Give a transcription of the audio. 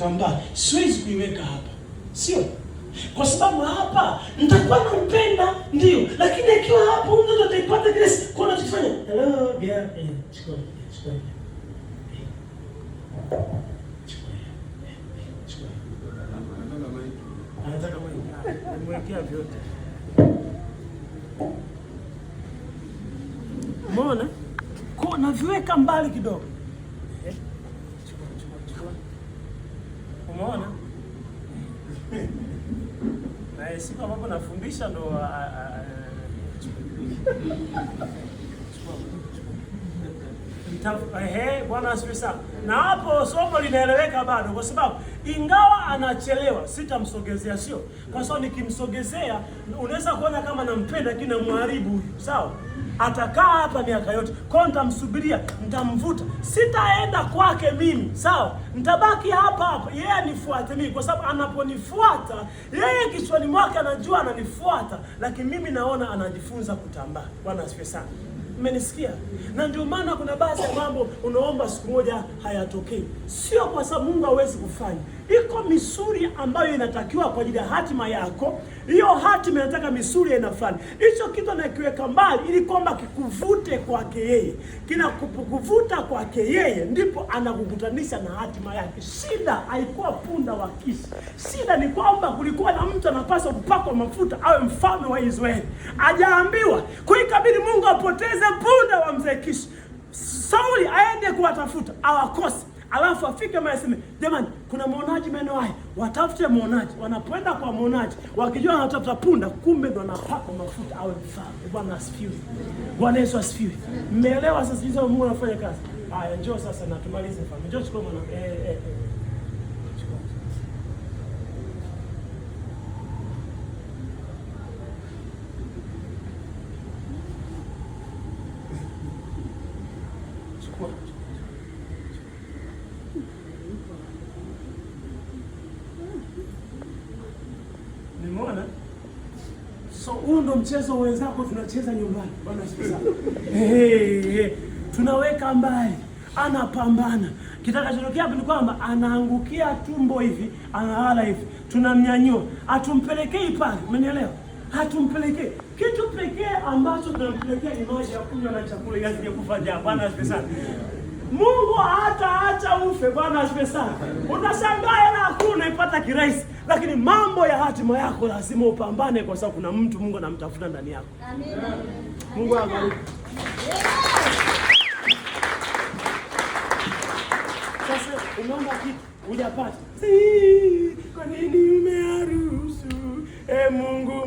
mtandao siwezi kuiweka hapa, sio kwa sababu hapa nitakuwa nampenda ndio, lakini akiwa hapo mtoto ataipata grace. Kwa nini tufanye hello yeah, chukua eh, eh, eh, chukua anataka mwekea ah, naviweka mbali kidogo Umeona? Na siku ambapo nafundisha ndo ah, ah, ah, eh, eh, eh, Bwana asifiwe sana. Na hapo somo linaeleweka bado, kwa sababu ingawa anachelewa sitamsogezea, sio kwa sababu nikimsogezea unaweza kuona kama nampenda, lakini namharibu huyu, sawa atakaa hapa miaka yote. Kwa nitamsubiria, nitamvuta, sitaenda kwake mimi, sawa? Nitabaki hapa hapa, yeye anifuate mimi, kwa sababu anaponifuata yeye kichwani mwake anajua ananifuata, lakini mimi naona anajifunza kutambaa. Bwana asifiwe sana. Mmenisikia? Na ndio maana kuna baadhi ya mambo unaomba siku moja hayatokei, sio kwa sababu Mungu hawezi kufanya iko misuri ambayo inatakiwa kwa ajili ya hatima yako. Hiyo hatima inataka misuri aina fulani. Hicho kitu anakiweka mbali, ili kwamba kikuvute kwake yeye, kinakuvuta kwake yeye, ndipo anakukutanisha na hatima yake. Shida haikuwa punda wa Kishi. Shida ni kwamba kulikuwa na mtu anapaswa kupakwa mafuta awe mfalme wa Israeli, ajaambiwa kwa Mungu apoteze punda wa mzee kisi, Sauli aende kuwatafuta, awakose alafu afike mali jamani, kuna mwonaji maeneo haya, watafute mwonaji. Wanapoenda kwa mwonaji, wakijua wanatafuta punda, kumbe ndo anapaka mafuta awe mfalme. Bwana asifiwe, Bwana Yesu asifiwe. Mmeelewa sasa jinsi Mungu anafanya kazi? Haya, njoo sasa na tumalize fam, njoo chukua mwana eh, eh, eh. Chukua. So huu ndo mchezo wenzako tunacheza nyumbani bwana hey, hey. Tunaweka mbali, anapambana. Kitakachotokea hapo ni kwamba anaangukia tumbo hivi, analala hivi, tunamnyanyua, hatumpelekei pale, umenielewa? Hatumpelekei kitu pekee ambacho tunampelekea ni maji ya kunywa na chakula, yaani kufa bwana sana Mungu hata acha ufe. Bwana asifiwe sana. Unashangaa na hakuna unaipata kirahisi, lakini mambo ya hatima yako lazima upambane, kwa sababu kuna mtu Mungu anamtafuta ndani yako. Amina. Mungu awabariki. Sasa umeomba kitu hujapata, si kwa nini umeharusu? E Mungu.